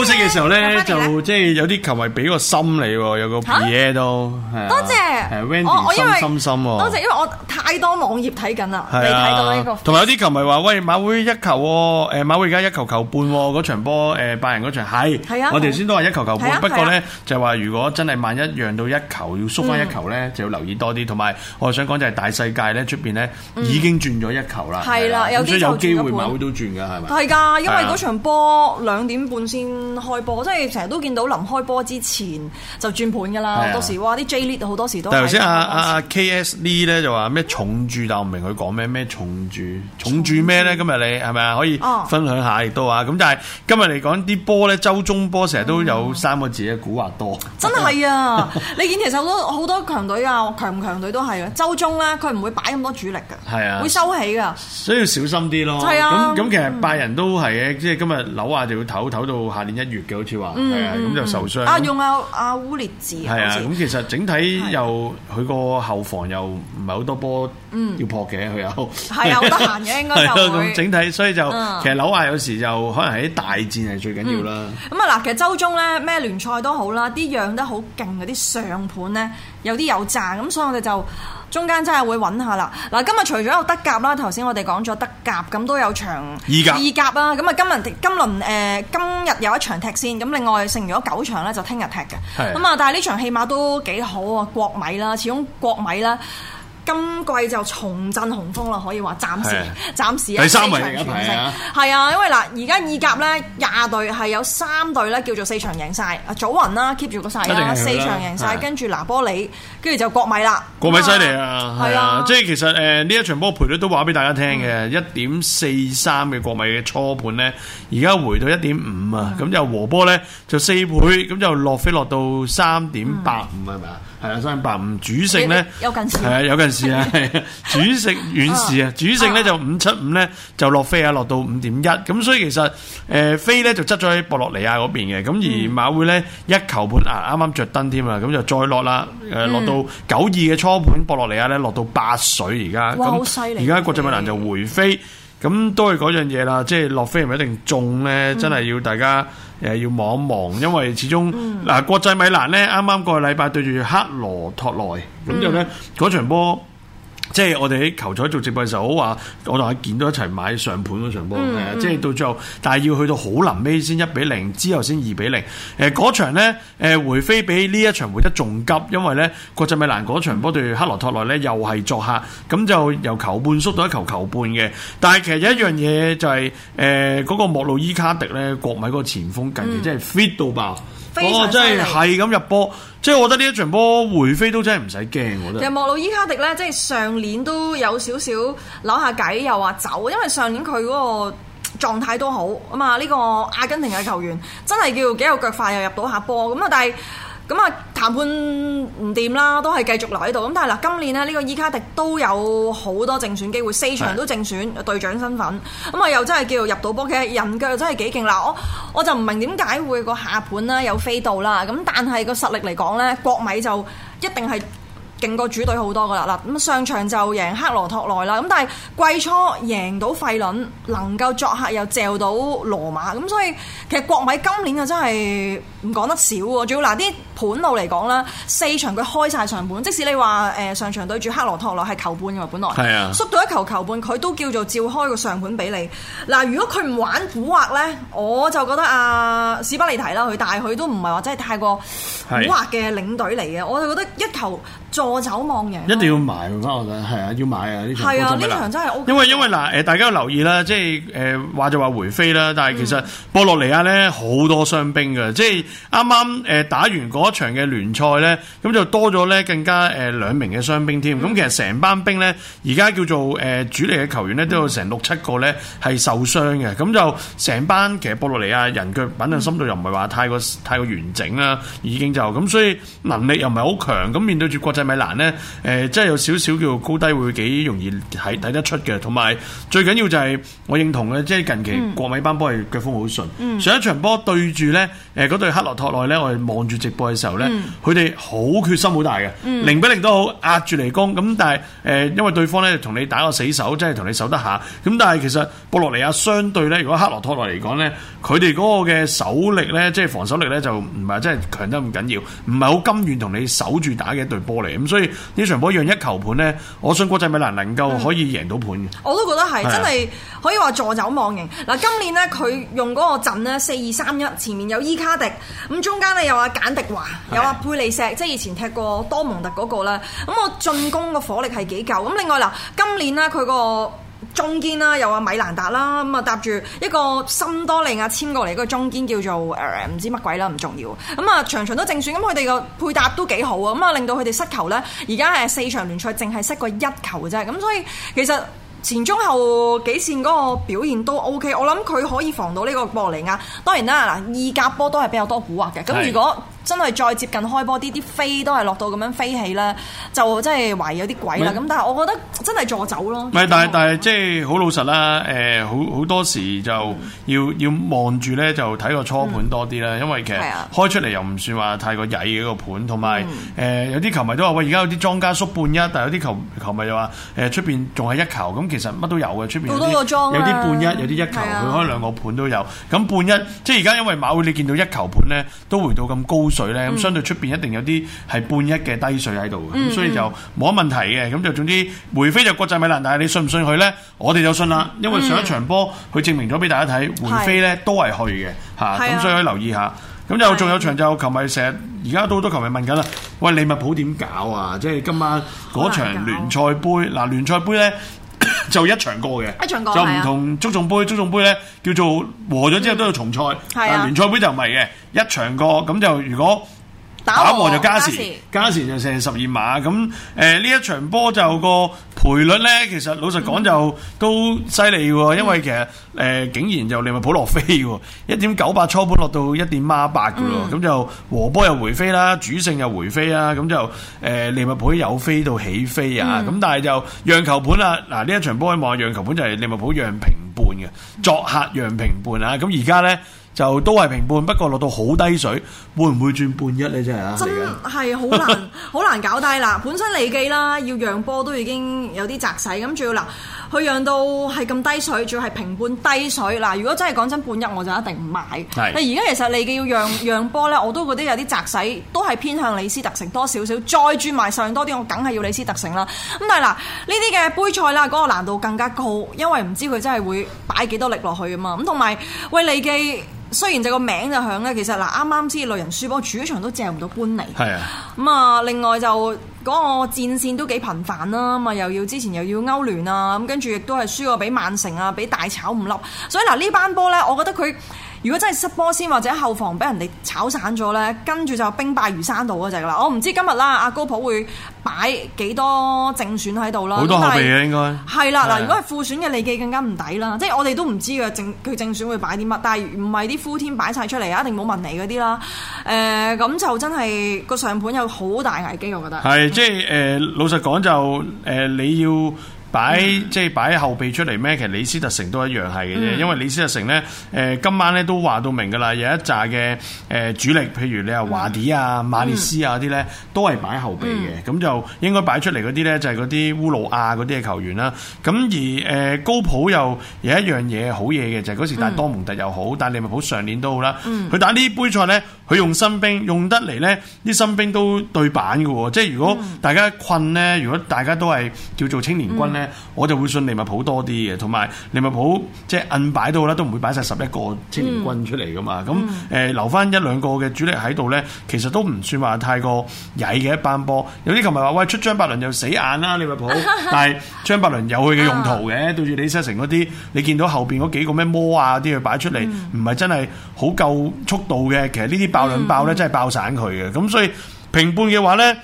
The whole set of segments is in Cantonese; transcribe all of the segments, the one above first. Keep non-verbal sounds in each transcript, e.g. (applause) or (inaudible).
休息嘅時候咧，就即、是、係有啲球迷俾個心你喎，有個嘢都，係啊，啊多謝。我心心喎，多謝，因為我太多網頁睇緊啦，未睇到呢個。同埋有啲球迷話，喂，馬會一球，誒馬會而家一球球半嗰場波，誒拜仁嗰場係，我哋先都話一球球半，不過咧就話如果真係萬一讓到一球，要縮翻一球咧，就要留意多啲。同埋我想講就係大世界咧出邊咧已經轉咗一球啦，咁所以有機會馬會都轉㗎係咪？係㗎，因為嗰場波兩點半先開波，即係成日都見到臨開波之前就轉盤㗎啦。到時哇，啲 J Lead 好多時都～頭先阿阿阿 K S 呢咧就話咩重住，但我唔明佢講咩咩重住。重住咩咧？今日你係咪啊？可以分享下亦都啊？咁但係今日嚟講啲波咧，周中波成日都有三個字嘅古惑多，真係啊！你見其實好多好多強隊啊，強唔強隊都係啊。周中咧，佢唔會擺咁多主力噶，係啊，會收起噶，所以要小心啲咯。係啊，咁咁其實拜仁都係嘅，即係今日扭下就要唞唞到下年一月嘅，好似話係啊，咁就受傷。啊，用阿阿烏列治係啊，咁其實整體又。佢個後防又唔係好多波要破嘅，佢又係啊好得閒嘅，是應該咁整體，所以就、嗯、其實樓下有時就可能喺啲大戰係最緊要啦。咁啊嗱，其實周中咧咩聯賽都好啦，啲養得好勁嗰啲上盤咧有啲有賺，咁所以我哋就。中間真係會揾下啦，嗱，今日除咗有德甲啦，頭先我哋講咗德甲，咁都有場意甲啦。咁啊今日，今輪誒、呃、今日有一場踢先，咁另外剩餘咗九場咧就聽日踢嘅，咁啊，但係呢場戲碼都幾好喎，國米啦，始終國米啦。今季就重振雄風啦，可以話暫時暫時。第三位，一係啊，因為嗱，而家意甲咧廿隊係有三隊咧叫做四場贏晒，啊，祖雲啦 keep 住個勢四場贏晒，跟住拿波里，跟住就國米啦，啊、國米犀利啊，係啊，即係其實誒呢一場波賠率都話俾大家聽嘅，一點四三嘅國米嘅初盤咧，而家回到一點五啊，咁就和波咧就四倍，咁就落飛落到三點八五係咪啊？係啦，三百五主勝咧，係、欸欸、啊，有近視啊，係 (laughs) (laughs) 主勝遠視啊，主勝咧就五七五咧就落飛啊，落到五點一，咁所以其實誒飛咧就執咗喺博洛尼亞嗰邊嘅，咁而馬會咧一球盤啊，啱啱着燈添啊，咁就再落啦，誒、啊、落到九二嘅初盤博洛尼亞咧落到八水而家，哇，好犀利！而家國際米蘭就回飛，咁都係嗰樣嘢啦，即係落飛係咪一定中咧？嗯、真係要大家。誒要望一望，因為始終嗱、嗯、國際米蘭咧啱啱個禮拜對住黑羅托內，咁之、嗯、呢咧嗰場波。即係我哋喺球賽做直播嘅時候，好話我同阿健都一齊買上盤嗰場波嘅，即係到最後，但係要去到好臨尾先一比零，之後先二比零。誒、呃，嗰場呢，誒回飛比呢一場回得仲急，因為呢國際米蘭嗰場波對克羅托內呢又係作客，咁就由球半縮到一球球半嘅。但係其實有一樣嘢就係、是，誒、呃、嗰、那個莫路伊卡迪呢國米嗰個前鋒近期真係 fit 到爆。哦，Very oh, 真係係咁入波， (noise) 即係我覺得呢一場波回飛都真係唔使驚，我覺得。其實莫魯伊卡迪咧，即係上年都有少少扭下偈又話走，因為上年佢嗰個狀態都好。咁啊，呢個阿根廷嘅球員真係叫幾有腳法，又入到下波咁啊！但係。咁啊，談判唔掂啦，都係繼續留喺度。咁但係啦，今年咧呢個伊卡迪都有好多正選機會，四場都正選是的 隊長身份。咁啊，又真係叫做入到波嘅人腳，真係幾勁啦！我我就唔明點解會個下盤啦，有飛到啦。咁但係個實力嚟講呢，國米就一定係。勁過主隊好多噶啦，嗱咁上場就贏克羅托內啦，咁但係季初贏到費倫，能夠作客又掉到羅馬，咁所以其實國米今年啊真係唔講得少喎，仲要嗱啲盤路嚟講啦，四場佢開晒上盤，即使你話誒上場對住克羅托內係球半嘅嘛，本來是、啊、縮到一球球半，佢都叫做照開個上盤俾你。嗱，如果佢唔玩古惑呢，我就覺得啊史巴利提啦佢，但係佢都唔係話真係太過古惑嘅領隊嚟嘅，是啊、我就覺得一球。助走望贏，嗯、一定要買佢翻，我覺得係啊，要買啊！呢場係啊，呢場真係、OK，因為因為嗱誒，大家有留意啦，即係誒話就話回飛啦，但係其實波洛尼亞咧好多傷兵嘅，嗯、即係啱啱誒打完一場嘅聯賽咧，咁就多咗咧更加誒兩名嘅傷兵添，咁、嗯、其實成班兵咧而家叫做誒主力嘅球員咧都有成六七個咧係受傷嘅，咁就成班其實波洛尼亞人腳板嘅深度又唔係話太過太過完整啦，已經就咁，所以能力又唔係好強，咁面對住國際。米蘭咧，誒、呃，即係有少少叫高低會幾容易睇睇得出嘅，同埋最緊要就係我認同嘅，即係近期國米班波係腳風好順。嗯、上一場波對住咧，誒、呃，嗰對克羅托內咧，我哋望住直播嘅時候咧，佢哋好決心好大嘅，嗯、零比零都好壓住嚟攻。咁但係誒、呃，因為對方咧同你打個死守，即係同你守得下。咁但係其實布洛尼亞相對咧，如果克羅托內嚟講咧，佢哋嗰個嘅守力咧，即係防守力咧，就唔係真係強得咁緊要，唔係好甘願同你守住打嘅一對波嚟。咁所以呢場波讓一球盤呢，我相信國際米蘭能夠可以贏到盤嘅、嗯。我都覺得係，是的 真係可以話助走望贏。嗱，今年呢，佢用嗰個陣呢四二三一，4, 2, 3, 1，前面有伊卡迪，咁中間呢有阿、啊、簡迪華，有阿、啊、佩利石，即係以前踢過多蒙特嗰、那個啦。咁我進攻個火力係幾夠。咁另外嗱，今年呢，佢、那個。中堅啦，又阿米蘭達啦，咁啊搭住一個森多利亞簽過嚟嗰個中堅叫做誒唔、呃、知乜鬼啦，唔重要。咁啊，場場都正選，咁佢哋個配搭都幾好啊，咁啊令到佢哋失球呢。而家係四場聯賽淨係失過一球啫。咁所以其實前中後幾線嗰個表現都 O、OK, K，我諗佢可以防到呢個博洛尼亞。當然啦，嗱意甲波都係比較多古惑嘅，咁如果。真係再接近開波啲，啲飛都係落到咁樣飛起啦，就真係懷疑有啲鬼啦。咁是但係我覺得真係助走咯。唔係但係挺好 但係即係好老實啦。誒、呃，好好多時就要要望住咧，就睇個初盤多啲啦。因為其實開出嚟又唔算話太過曳嘅個盤，同埋誒有啲、呃、球迷都話喂，而家有啲莊家縮半一，但係有啲球球迷又話誒出邊仲係一球咁，其實乜都有嘅出邊。好多個莊啊，有啲半一，有啲一球，佢開是的 兩個盤都有。咁半一即係而家因為馬會，你見到一球盤咧都回到咁高。水咧，咁、嗯、相對出邊一定有啲係半一嘅低水喺度，咁所以就冇乜問題嘅。咁就、嗯、總之梅飛就國際米蘭，但係你信唔信佢咧？我哋就信啦，因為上一場波佢、嗯、證明咗俾大家睇，梅飛咧都係去嘅嚇，咁的、啊、所以可以留意下。咁就仲有場就球迷成日，而家都好多球迷問緊啦，喂利物浦點搞啊？即係今晚嗰場聯賽杯，嗱、啊、聯賽杯咧。就一場過嘅，過就唔同足總杯，足總是、啊、杯呢叫做和咗之後都要重賽，但聯賽是、啊、杯就唔係嘅，一場過咁就如果，打和、啊、加時就加時，加時就成十二碼咁。誒、嗯，呢一場波就個賠率咧，其實老實講就都犀利嘅，嗯、因為其實誒、呃、竟然就利物浦落飛，一點九八初盤落到一點孖八噶咯。咁、嗯、就和波又回飛啦，主勝又回飛啦。咁就誒、呃、利物浦有飛到起飛啊！咁、嗯、但係就讓球盤啦。嗱，呢一場波喺望讓球盤就係利物浦讓平半嘅，作客讓平半啊。咁而家咧。就都係平半，不過落到好低水，會唔會轉半一咧？真係啊！真係好難，好 (laughs) 難搞低啦，本身利記啦，要讓波都已經有啲窄使，咁仲要嗱，佢讓到係咁低水，仲要係平半低水嗱。如果真係講真半一，我就一定唔買。是但而家其實利記要讓讓波呢，我都覺得有啲窄使，都係偏向李斯特城多少少。再轉埋上多啲，我梗係要李斯特城啦。咁但係嗱，呢啲嘅杯賽啦，嗰、那個難度更加高，因為唔知佢真係會擺幾多力落去啊嘛。咁同埋喂，利記。雖然就個名就響咧，其實嗱啱啱先累人輸波，主場都借唔到官嚟。係啊，咁啊，另外就嗰個戰線都幾頻繁啦咁啊，又要之前又要歐聯啊，咁跟住亦都係輸過俾曼城啊，俾大炒五粒。所以嗱呢班波咧，我覺得佢。如果真係失波先或者後防俾人哋炒散咗咧，跟住就兵敗如山倒就係噶啦。我唔知今日啦，阿高普會擺幾多正選喺度啦。好多後備嘅應該係啦。嗱，的如果係副選嘅利記更加唔抵啦。的即係我哋都唔知嘅正佢正選會擺啲乜，但係唔係啲 full team 擺曬出嚟啊？一定冇問你嗰啲啦。誒、呃、咁就真係個上盤有好大危機，我覺得係即係誒、呃、老實講就誒、呃、你要。擺即係、就是、擺後備出嚟咩？其實李斯特城都一樣係嘅啫，嗯、因為李斯特城咧，誒、呃、今晚咧都話到明㗎啦，有一紮嘅誒主力，譬如你話華迪啊、嗯、馬列斯啊啲咧，都係擺後備嘅，咁、嗯、就應該擺出嚟嗰啲咧就係嗰啲烏魯亞嗰啲嘅球員啦。咁而誒、呃、高普又有一樣嘢好嘢嘅，就係、是、嗰時帶多蒙特又好，打利物浦上年都好啦，佢、嗯、打呢杯賽咧。佢用新兵用得嚟咧，啲新兵都對版嘅，即係如果大家困咧，嗯、如果大家都係叫做青年軍咧，嗯、我就會信利物浦多啲嘅。同埋利物浦即係摁擺到啦，都唔會擺晒十一個青年軍出嚟噶嘛。咁誒、嗯呃、留翻一兩個嘅主力喺度咧，其實都唔算話太過曳嘅一班波。有啲球迷話喂，出張伯倫又死眼啦！利物浦， (laughs) 但係張伯倫有佢嘅用途嘅。 (laughs) 對住李斯特城嗰啲，你見到後邊嗰幾個咩魔啊啲佢擺出嚟，唔係、嗯、真係好夠速度嘅。其實呢啲爆兩爆咧，嗯、真係爆散佢嘅，咁所以平半嘅話咧。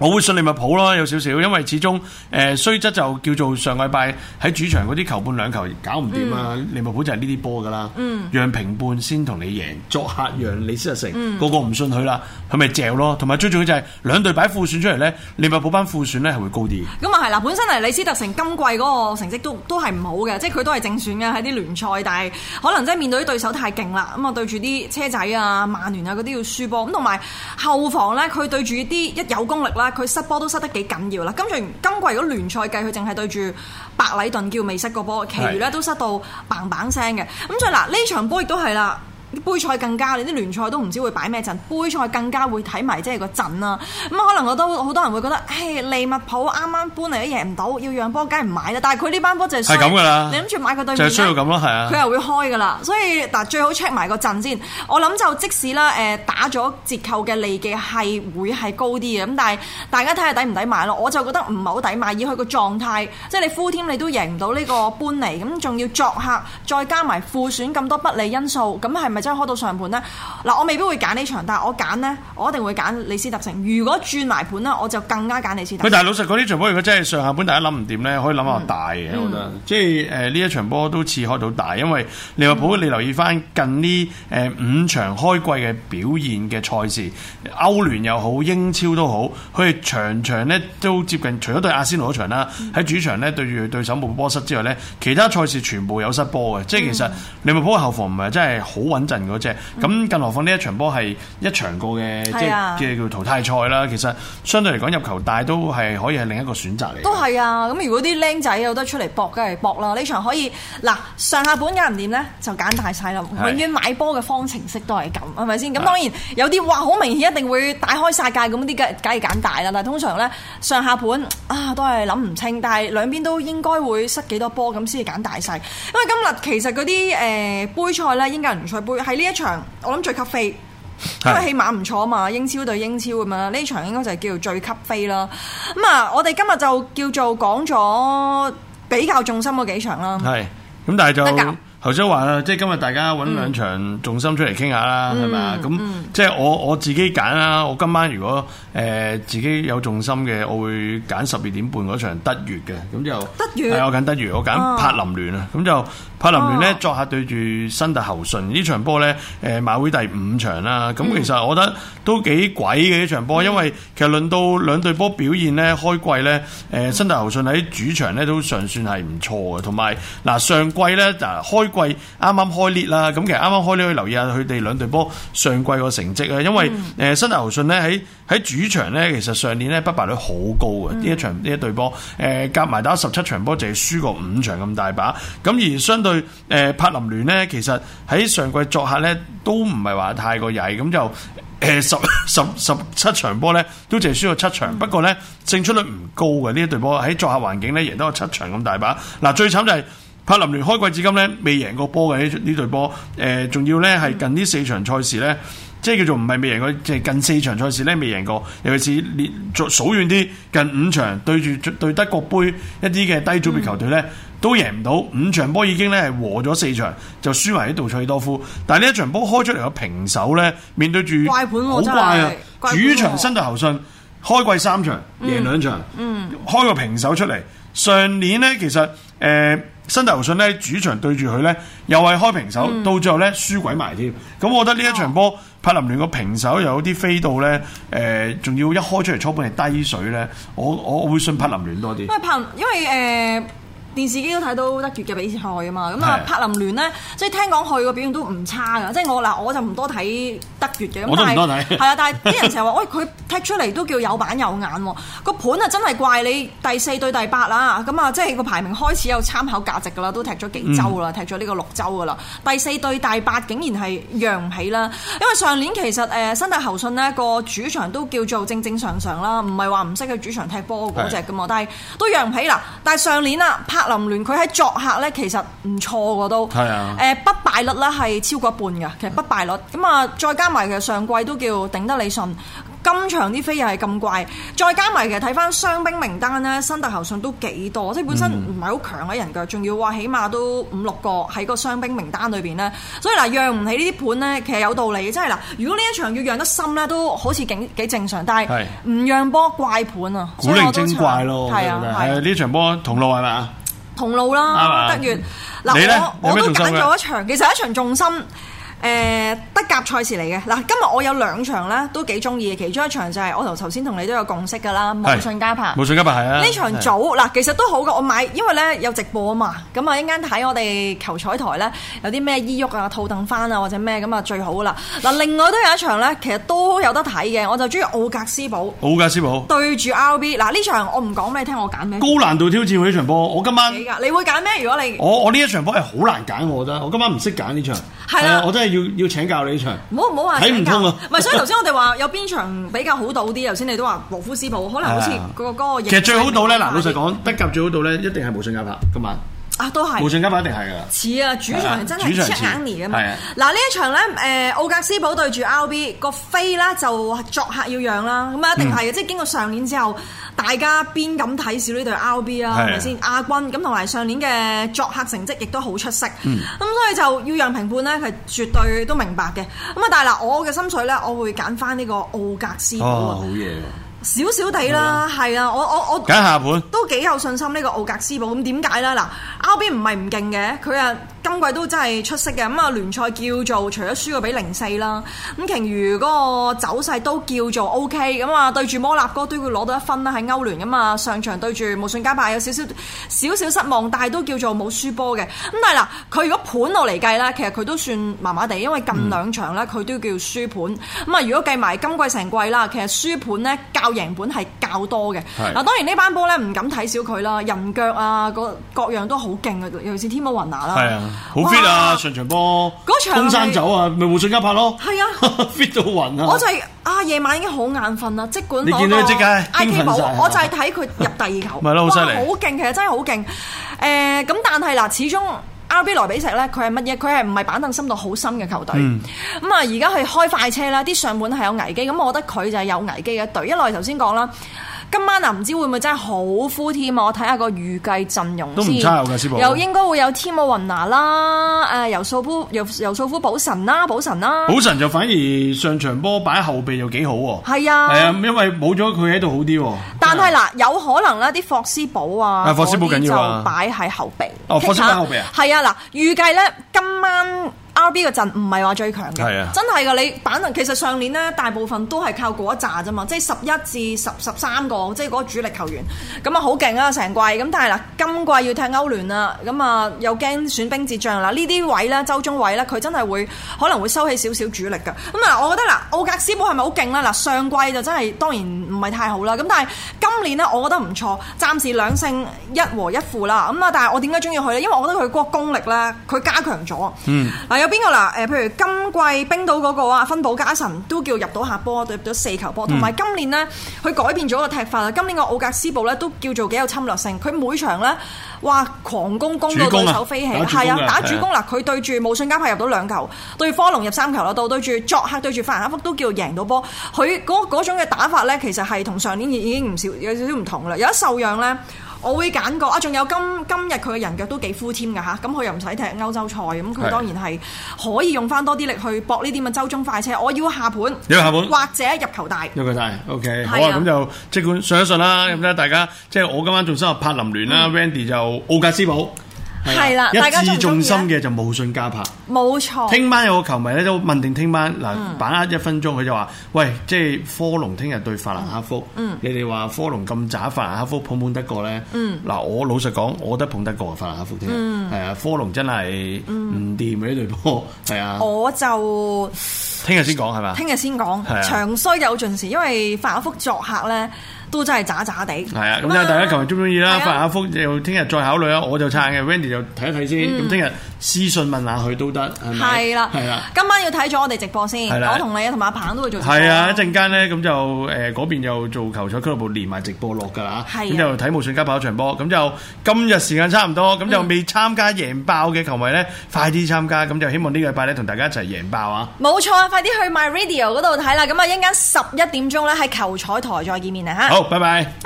我會信利物浦咯，有少少，因為始終誒、呃、雖則就叫做上個禮拜喺主場嗰啲球半兩球搞唔掂啊！嗯、利物浦就係呢啲波噶啦，嗯、讓平半先同你贏，作客讓李斯特城，嗯、個個唔信佢啦，佢咪掉咯。同埋最重要就係兩隊擺副選出嚟咧，利物浦班副選咧係會高啲、嗯。咁啊係啦，嗯嗯、本身係李斯特城今季個成績都都係唔好嘅，即係佢都係正選嘅喺啲聯賽，但係可能即係面對啲對手太勁啦，咁啊對住啲車仔啊、曼聯啊啲要輸波咁，同埋後防咧佢對住啲一有功力啦。佢失波都失得幾緊要啦，跟住今季如果聯賽計，佢淨係對住白禮頓叫未失過波，其餘咧都失到砰砰聲嘅，咁是的 所以嗱，呢場波亦都係啦。杯賽更加，你啲聯賽都唔知會擺咩陣，杯賽更加會睇埋即係個陣啦。咁可能我都好多人會覺得，唉，利物浦啱啱搬嚟都贏唔到，要讓波，梗係唔買啦。但係佢呢班波就係，咁噶啦。你諗住買佢對面就需要咁咯，係啊。佢又會開噶啦，所以嗱，最好 check 埋個陣先。我諗就即使啦，誒打咗折扣嘅利記係會係高啲嘅，咁但係大家睇下抵唔抵買咯。我就覺得唔係好抵買，以佢個狀態，即係你呼添你都贏唔到呢個搬嚟，咁仲要作客，再加埋負選咁多不利因素，咁係咪？即係開到上盤咧，嗱我未必會揀呢場，但係我揀呢，我一定會揀李斯特城。如果轉埋盤咧，我就更加揀李斯特城，特佢但係老實講呢場波，如果真係上下盤，大家諗唔掂呢，可以諗下大嘅。嗯、我覺得、嗯、即係誒呢一場波都似開到大，因為利物浦、嗯、你留意翻近呢誒五場開季嘅表現嘅賽事，歐聯又好，英超都好，佢哋場場呢都接近，除咗對阿仙奴嗰場啦，喺、嗯、主場呢對住對手冇波失之外呢，其他賽事全部有失波嘅。即係其實利物浦嘅後防唔係真係好穩。陣只，咁、嗯、更何況呢一場波係一場過嘅是、啊，即係叫淘汰賽啦。其實相對嚟講入球大都係可以係另一個選擇嚟。都係啊！咁如果啲僆仔有得出嚟搏，梗係搏啦。呢場可以嗱上下盤有人點咧，就揀大晒啦。永遠買波嘅方程式都係咁，係咪先？咁當然有啲哇，好明顯一定會開大開晒界咁啲，梗係梗係揀大啦。但通常咧上下盤啊，都係諗唔清。但係兩邊都應該會塞幾多波咁先至揀大晒。因為今日其實嗰啲誒杯賽咧，英格蘭賽杯。喺呢一場，我諗最級飛，因為起碼唔錯啊嘛，是英超對英超咁樣，呢場應該就係叫做最級飛啦。咁、嗯、啊，我哋今日就叫做講咗比較重心嗰幾場啦。係，咁但係就。頭先話啦，即係今日大家搵兩場重心出嚟傾下啦，係咪啊？咁吧、嗯、即係我我自己揀啦。我今晚如果誒、呃、自己有重心嘅，我會揀十二點半嗰場德乙嘅。咁就德乙遠，係我揀德乙，我揀柏林聯啊。咁就、哦、柏林聯咧、哦、作客對住新特侯信呢場波咧，誒馬會第五場啦。咁其實我覺得都幾鬼嘅呢場波，嗯、因為其實輪到兩隊波表現咧，開季咧，誒、呃、新特侯信喺主場咧都尚算係唔錯嘅，同埋嗱上季咧就開.季啱啱開裂啦，咁其實啱啱開裂可以留意下佢哋兩隊波上季個成績啊，因為誒、嗯呃、新大豪信呢喺喺主場呢，其實上年呢不敗率好高嘅，呢、嗯、一場呢一隊波誒夾埋打十七場波，淨係輸過五場咁大把，咁而相對誒、呃、柏林聯呢，其實喺上季作客呢都唔係話太過曳，咁就誒、呃、十十十七場波呢都淨係輸過七場，嗯、不過呢勝出率唔高嘅呢一隊波喺作客環境呢亦都有七場咁大把，嗱最慘就係。柏林聯開季至今咧未贏過波嘅呢呢隊波，誒，仲、呃、要咧係近呢四場賽事咧，嗯、即係叫做唔係未贏過，即係近四場賽事咧未贏過。尤其是連續數遠啲，近五場對住對德國盃一啲嘅低組別球隊咧、嗯、都贏唔到，五場波已經咧係和咗四場，就輸埋喺杜塞爾多夫。但係呢一場波開出嚟嘅平手咧，面對住怪盤、啊、主場新隊侯信開季三場贏兩場，嗯嗯嗯、開個平手出嚟。上年咧其實，誒。呃呃新頭信咧，主場對住佢咧，又係開平手，嗯、到最後咧輸鬼埋添。咁我覺得呢一場波，柏林聯個平手又有啲飛到咧，誒、呃，仲要一開出嚟初盤係低水咧，我我會信柏林聯多啲。咪帕，因為誒。呃電視機都睇到德乙嘅比賽啊嘛，咁啊是的 柏林聯呢，即係聽講佢個表現都唔差噶，即係我嗱我就唔多睇德乙嘅，咁但係係啊，但係啲人成日話，喂，佢踢出嚟都叫有板有眼喎、哦，個盤啊真係怪你第四對第八啦，咁啊即係個排名開始有參考價值㗎啦，都踢咗幾周啦，嗯、踢咗呢個六周㗎啦，第四對第八竟然係讓唔起啦，因為上年其實誒新大鴻信呢個主場都叫做正正常常啦，唔係話唔識去主場踢波嗰隻㗎嘛，但係都讓唔起啦，但係上年啊，林聯佢喺作客咧，其實唔錯噶都。係啊。誒，不敗率咧係超過一半噶，其實不敗率。咁啊，再加埋其實上季都叫頂得你順，今場啲飛又係咁怪，再加埋其實睇翻傷兵名單咧，新特侯信都幾多，即係本身唔係好強嘅人腳，仲要話起碼都五六個喺個傷兵名單裏邊咧。所以嗱，讓唔起呢啲盤咧，其實有道理真即係嗱，如果呢一場要讓得深咧，都好似幾幾正常。但係唔讓波怪盤啊，古靈精怪咯。係啊。啊，呢場波同路係嘛？同路啦，得完嗱，我我都揀咗一場，其實一場重心，誒、呃。一甲賽事嚟嘅嗱，今日我有兩場咧都幾中意嘅，其中一場就係、是、我頭頭先同你都有共識噶啦，慕遜加柏。慕遜加柏係是的 啊。啊場呢場早嗱，其實都好嘅，我買因為咧有直播啊嘛，咁啊一陣間睇我哋球彩台咧有啲咩衣郁啊、套凳翻啊或者咩咁啊最好噶啦。嗱，另外都有一場咧，其實都有得睇嘅，我就中意奧格斯堡。奧格斯堡對住 R B 嗱呢場我唔講咩，聽我揀咩。高難度挑戰呢場波，我今晚你，你會揀咩？如果你我我呢一場波係好難揀，我覺得我今晚唔識揀呢場，係啊，啊，我真係要要請教你。唔好，唔好話睇唔通啊！唔係，所以頭先我哋話有邊場比較好賭啲？頭先你都話禾夫斯堡，可能好似個哥。其實最好賭咧，嗱老實講，德甲最好賭咧，一定係無信亞柏今晚。啊，都係，互進加埋一定係噶。似啊，主場真係出硬嚟啊嘛。嗱呢一場咧，誒奧格斯堡對住 RB 個飛啦，就作客要讓啦，咁啊一定係嘅。即係經過上年之後，大家邊敢睇小呢隊 RB 啊，係咪先亞軍？咁同埋上年嘅作客成績亦都好出色。咁所以就要讓評判咧係絕對都明白嘅。咁啊，但係嗱，我嘅心水咧，我會揀翻呢個奧格斯堡好嘢。少少啲啦，係啊、嗯，我我我揀下盤都幾有信心呢個奧格斯堡。咁點解咧？嗱，歐邊唔係唔勁嘅，佢啊～今季都真係出色嘅，咁啊聯賽叫做除咗輸過畀零四啦，咁其餘嗰個走勢都叫做 O K 咁啊，對住摩納哥，哥都要攞到一分啦，喺歐聯噶嘛。上場對住無線加霸有少少少少失望，但係都叫做冇輸波嘅。咁但係嗱，佢如果盤落嚟計咧，其實佢都算麻麻地，因為近兩場咧佢、嗯、都叫做輸盤。咁啊，如果計埋今季成季啦，其實輸盤咧較贏盤係較多嘅。嗱，是 當然呢班波咧唔敢睇小佢啦，人腳啊，各樣都好勁啊，尤其是天魔雲拿啦。好 fit 啊，上場波，通哇山走啊，咪互信加拍咯，係啊，fit 到暈啊！ (laughs) 暈啊我就係、是、啊，夜晚已經好眼瞓啦，管即管攞到即 I K 我就係睇佢入第二球，唔咪咯，好犀利，好勁厲，其實真係好勁。誒、呃，咁但係嗱，始終 RB 萊比錫咧，佢係乜嘢？佢係唔係板凳深度好深嘅球隊？咁啊、嗯嗯，而家佢開快車啦，啲上半係有危機，咁我覺得佢就係有危機嘅隊。一來頭先講啦。今晚啊，唔知會唔會真係好 full team？我睇下個預計陣容都唔差㗎。師傅又應該會有添奧雲拿啦，誒、呃，由素夫由由素夫保神啦，保神啦、啊，保神就反而上場波擺後備又幾好喎。係啊，係啊，因為冇咗佢喺度好啲、啊。但係是嗱、啊，有可能咧、啊啊，啲霍斯堡啊霍斯堡緊要就擺喺後備。哦，霍斯擺後備啊。係啊，嗱，預計咧今晚。RB 個陣唔係話最強嘅，係呀真係噶你板能。其實上年咧，大部分都係靠嗰一紮啫嘛，即係十一至十十三個，即係嗰主力球員，咁啊好勁啊成季。咁但係嗱，今季要踢歐聯啦，咁啊又驚損兵折將啦。呢啲位咧，周中位咧，佢真係會可能會收起少少主力噶。咁啊，我覺得嗱，奧格斯堡係咪好勁咧？嗱，上季就真係當然唔係太好啦。咁但係，今年呢，我覺得唔錯，暫時兩勝一和一負啦。咁啊，但係我點解中意佢呢？因為我覺得佢嗰個功力呢，佢加強咗。嗱、嗯啊，有邊個啦？誒，譬如今季冰島嗰個啊，芬堡加臣都叫入到下波，入到四球波。同埋、嗯、今年呢，佢改變咗個踢法啦。今年個奧格斯堡呢，都叫做幾有侵略性。佢每場呢，哇，狂攻攻，攻到對手飛起。主攻啊！係啊，打主攻啦。佢的對住慕遜加柏入到兩球，對科隆入三球啦。到對住作客對住法蘭克福都叫贏到波。佢嗰種嘅打法呢，其實係同上年已已經唔少。有少少唔同啦，有一受讓咧，我會揀個啊，仲有今今日佢嘅人腳都幾敷添㗎吓，咁、啊、佢又唔使踢歐洲賽，咁佢當然係可以用翻多啲力去搏呢啲咁嘅周中快車。我要下盤，要下盤，或者入球大，入球大，OK，是啊好啊，咁就即管信一信啦，咁咧是、啊、大家即係我今晚仲收入柏林聯啦、嗯、Wendy 就奧格斯堡。係啦，大家置重心嘅就冇信加拍。冇錯。聽晚有個球迷咧都問定聽晚嗱，把握一分鐘佢就話，喂，即係科隆聽日對法蘭克福，你哋話科隆咁渣，法蘭克福捧捧得過咧？嗱，我老實講，我都捧得過法蘭克福添。聽日。誒，科隆真係唔掂嘅呢隊波，係啊。我就聽日先講，係咪？聽日先講，長衰有盡時，因為法蘭克福作客咧。都真係渣渣地。係啊，咁就大家球員中唔中意啦，發下福，又聽日再考慮啦。我就撐嘅，Wendy 就睇一睇先。咁聽日私信問下佢都得，係咪？係啦，係啦。今晚要睇咗我哋直播先。我同你啊，同阿鵬都會做直播。係啊，一陣間咧，咁就誒嗰邊又做球彩俱樂部連埋直播落㗎啦。咁就睇無線加爆一場波。咁就今日時間差唔多，咁就未參加贏爆嘅球迷咧，快啲參加。咁就希望呢個禮拜咧，同大家一齊贏爆啊！冇錯啊，快啲去 My Radio 嗰度睇啦。咁啊，一陣間十一點鐘咧，喺球彩台再見面啊！拜拜。